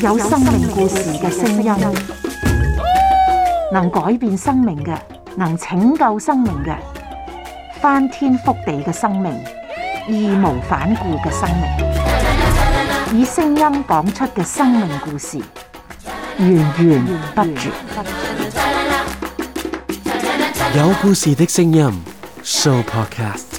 有生命故事嘅聲音，能改變生命嘅，能拯救生命嘅，翻天覆地嘅生命，義無反顧嘅生命，以聲音講出嘅生命故事，源源不絕。有故事嘅聲音，Show Podcast。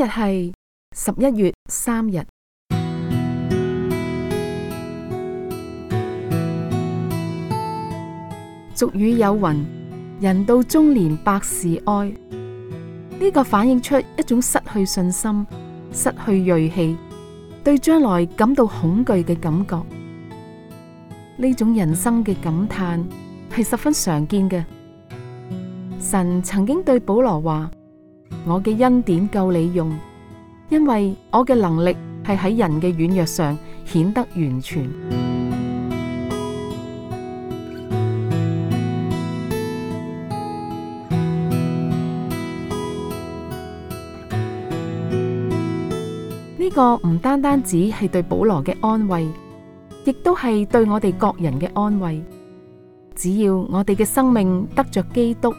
日係十一月三日，俗語有云：人到中年百事哀。呢個反映出一種失去信心、失去銳氣，對將來感到恐懼嘅感覺。呢種人生嘅感嘆係十分常見嘅。神曾經對保羅話：我嘅恩典夠你用，因為我嘅能力係喺人嘅軟弱上顯得完全。呢個唔單單止係對保羅嘅安慰，亦都係對我哋各人嘅安慰。只要我哋嘅生命得着基督。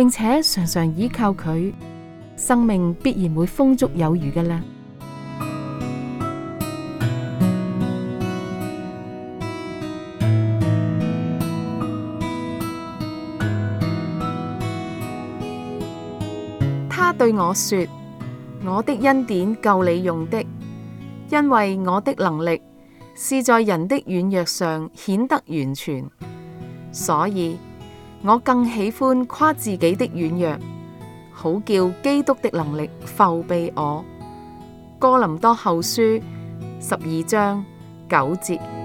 並且常常依靠佢，生命必然會豐足有餘㗎喇。他對我說：我的恩典夠你用的，因為我的能力是在人的軟弱上顯得完全，所以。我更喜歡誇自己的軟弱，好叫基督的能力覆庇我。哥林多後書十二章九節。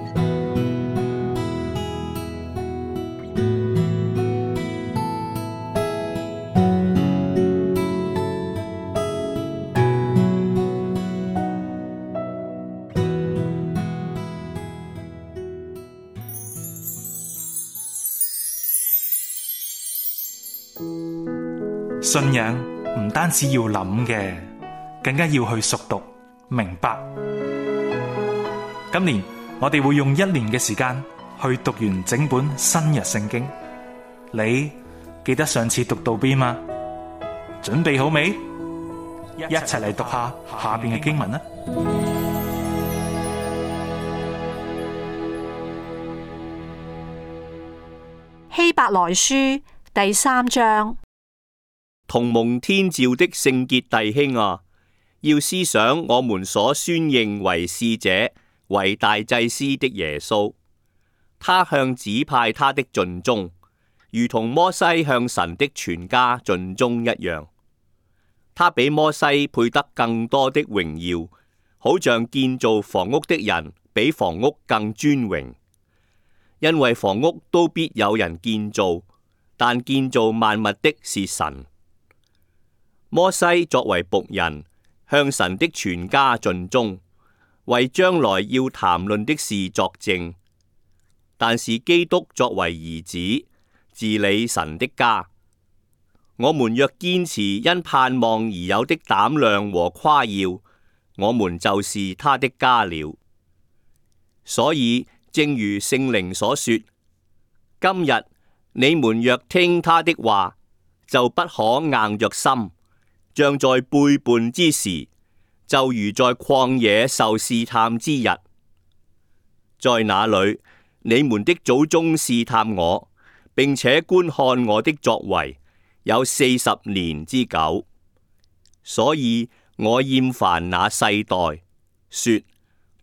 信仰唔單止要諗嘅，更加要去熟讀明白。今年我哋會用一年嘅時間去讀完整本新約聖經。你記得上次讀到邊嗎？準備好未？一齊嚟讀下下面嘅經文吖。希伯來書第三章。同蒙天召的聖潔弟兄啊，要思想我們所宣認為使者、為大祭司的耶穌，他向指派他的盡忠，如同摩西向神的全家盡忠一樣。他比摩西配得更多的榮耀，好像建造房屋的人比房屋更尊榮，因為房屋都必有人建造，但建造萬物的是神。摩西作為僕人，向神的全家盡忠，為將來要談論的事作證；但是基督作為兒子，治理神的家。我們若堅持因盼望而有的膽量和誇耀，我們就是他的家了。所以，正如聖靈所說：今日你們若聽他的話，就不可硬著心。像在背叛之時，就如在曠野受試探之日，在那裏你們的祖宗試探我，並且觀看我的作為，有四十年之久。所以我厭煩那世代，說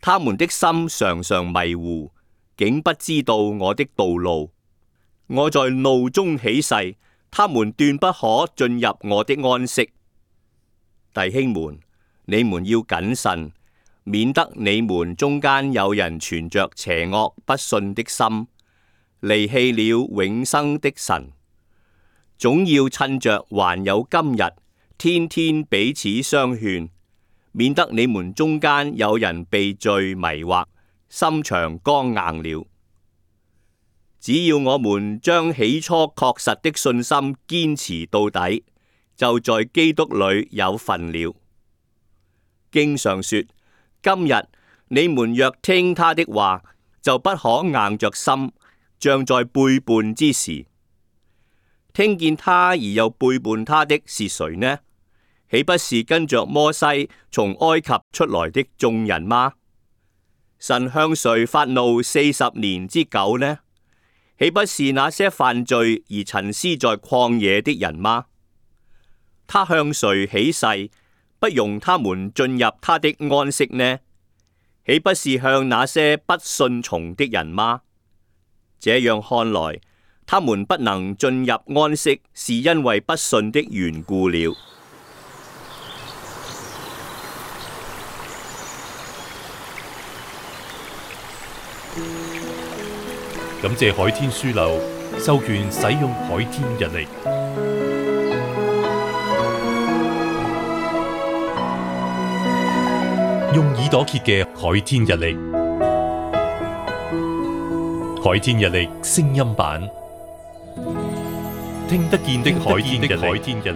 他們的心常常迷糊，竟不知道我的道路。我在怒中起誓，他們斷不可進入我的安息。弟兄們，你們要謹慎，免得你們中間有人存着邪惡不信的心，離棄了永生的神。總要趁着還有今日，天天彼此相勸，免得你們中間有人被罪迷惑，心腸剛硬了。只要我們將起初確實的信心堅持到底。就在基督裏有份了。經常說：今日你們若聽他的話，就不可硬着心，像在背叛之時。聽見他而又背叛他的是誰呢？豈不是跟着摩西從埃及出來的眾人嗎？神向誰發怒四十年之久呢？豈不是那些犯罪而沉思在曠野的人嗎？他向誰起誓，不容他們進入他的安息呢？豈不是向那些不信從的人嗎？這樣看來，他們不能進入安息，是因為不信的緣故了。感謝海天書樓授權使用海天日曆。用耳朵揭嘅《海天日曆》，《海天日曆》聲音版，聽得見的《海天日曆》。